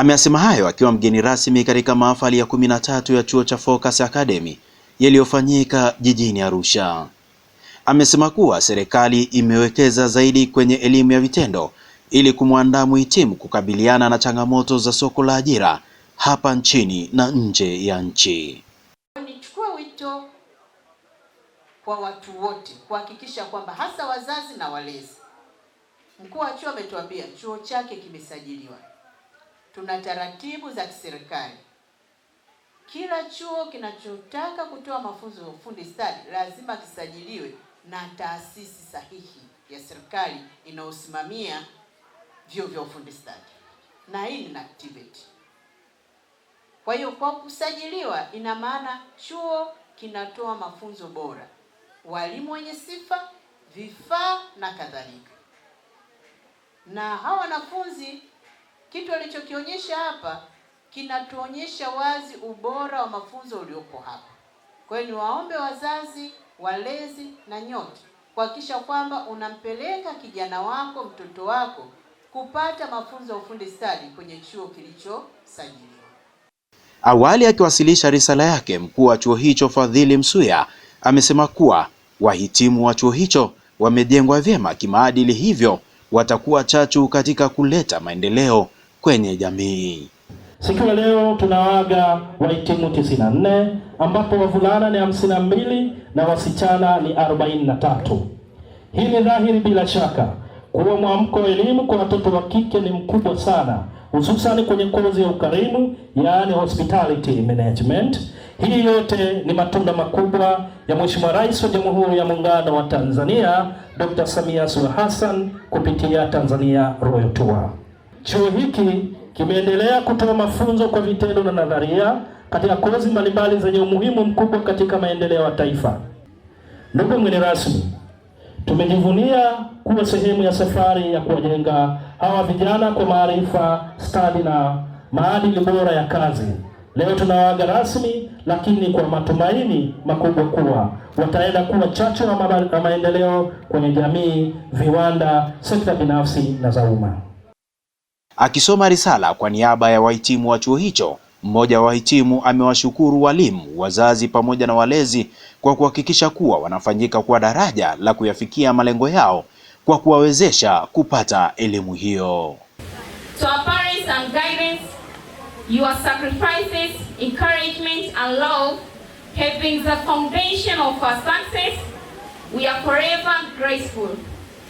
Ameyasema hayo akiwa mgeni rasmi katika mahafali ya kumi na tatu ya chuo cha Focus Academy yaliyofanyika jijini Arusha. Amesema kuwa serikali imewekeza zaidi kwenye elimu ya vitendo ili kumwandaa mhitimu kukabiliana na changamoto za soko la ajira hapa nchini na nje ya nchi. Nichukue wito kwa watu wote kuhakikisha kwamba hasa wazazi na walezi. Mkuu wa chuo ametuambia chuo chake kimesajiliwa tuna taratibu za kiserikali. Kila chuo kinachotaka kutoa mafunzo ya ufundi stadi lazima kisajiliwe na taasisi sahihi ya serikali inayosimamia vyuo vya ufundi stadi, na hii ni NACTVET. Kwa hiyo kwa kusajiliwa, ina maana chuo kinatoa mafunzo bora, walimu wenye sifa, vifaa na kadhalika, na hawa wanafunzi kitu alichokionyesha hapa kinatuonyesha wazi ubora wa mafunzo uliopo hapa. Kwa hiyo niwaombe wazazi, walezi na nyote kuhakikisha kwamba unampeleka kijana wako, mtoto wako kupata mafunzo ya ufundi stadi kwenye chuo kilichosajiliwa. Awali akiwasilisha risala yake, mkuu wa chuo hicho Fadhili Msuya amesema kuwa wahitimu wa chuo hicho wamejengwa vyema kimaadili, hivyo watakuwa chachu katika kuleta maendeleo kwenye jamii. Siku ya leo tunawaaga wahitimu 94 ambapo wavulana ni 52 na wasichana ni 43. Hii ni dhahiri bila shaka kuwa mwamko wa elimu kwa watoto wa kike ni mkubwa sana, hususani kwenye kozi ya ukarimu, yaani hospitality management. Hii yote ni matunda makubwa ya Mheshimiwa Rais wa Jamhuri ya Muungano wa Tanzania Dr. Samia Suluhu Hassan kupitia Tanzania Royal Tour. Chuo hiki kimeendelea kutoa mafunzo kwa vitendo na nadharia katika kozi mbalimbali zenye umuhimu mkubwa katika maendeleo ya taifa. Ndugu mgeni rasmi, tumejivunia kuwa sehemu ya safari ya kuwajenga hawa vijana kwa maarifa, stadi na maadili bora ya kazi. Leo tunawaaga rasmi, lakini kwa matumaini makubwa kuwa wataenda kuwa chachu wa maendeleo kwenye jamii, viwanda, sekta binafsi na za umma. Akisoma risala kwa niaba ya wahitimu wa chuo hicho, mmoja wa wahitimu amewashukuru walimu, wazazi pamoja na walezi kwa kuhakikisha kuwa wanafanyika kwa daraja la kuyafikia malengo yao kwa kuwawezesha kupata elimu hiyo. To our parents and guidance, your sacrifices, encouragement and love have been the foundation of our success. We are forever grateful.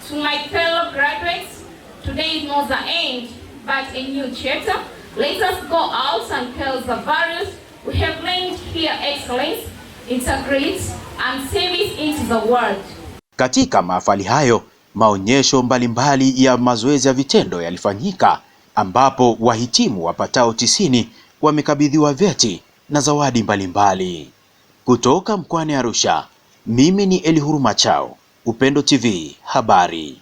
To my fellow graduates, today is not the end but a new chapter. Let us go out and tell the values we have learned here excellence, integrate and service into the world. Katika mahafali hayo, maonyesho mbalimbali mbali ya mazoezi ya vitendo yalifanyika ambapo wahitimu wapatao tisini wamekabidhiwa vyeti na zawadi mbalimbali mbali. Kutoka mkoani Arusha, mimi ni Elihuru Machao, Upendo TV habari.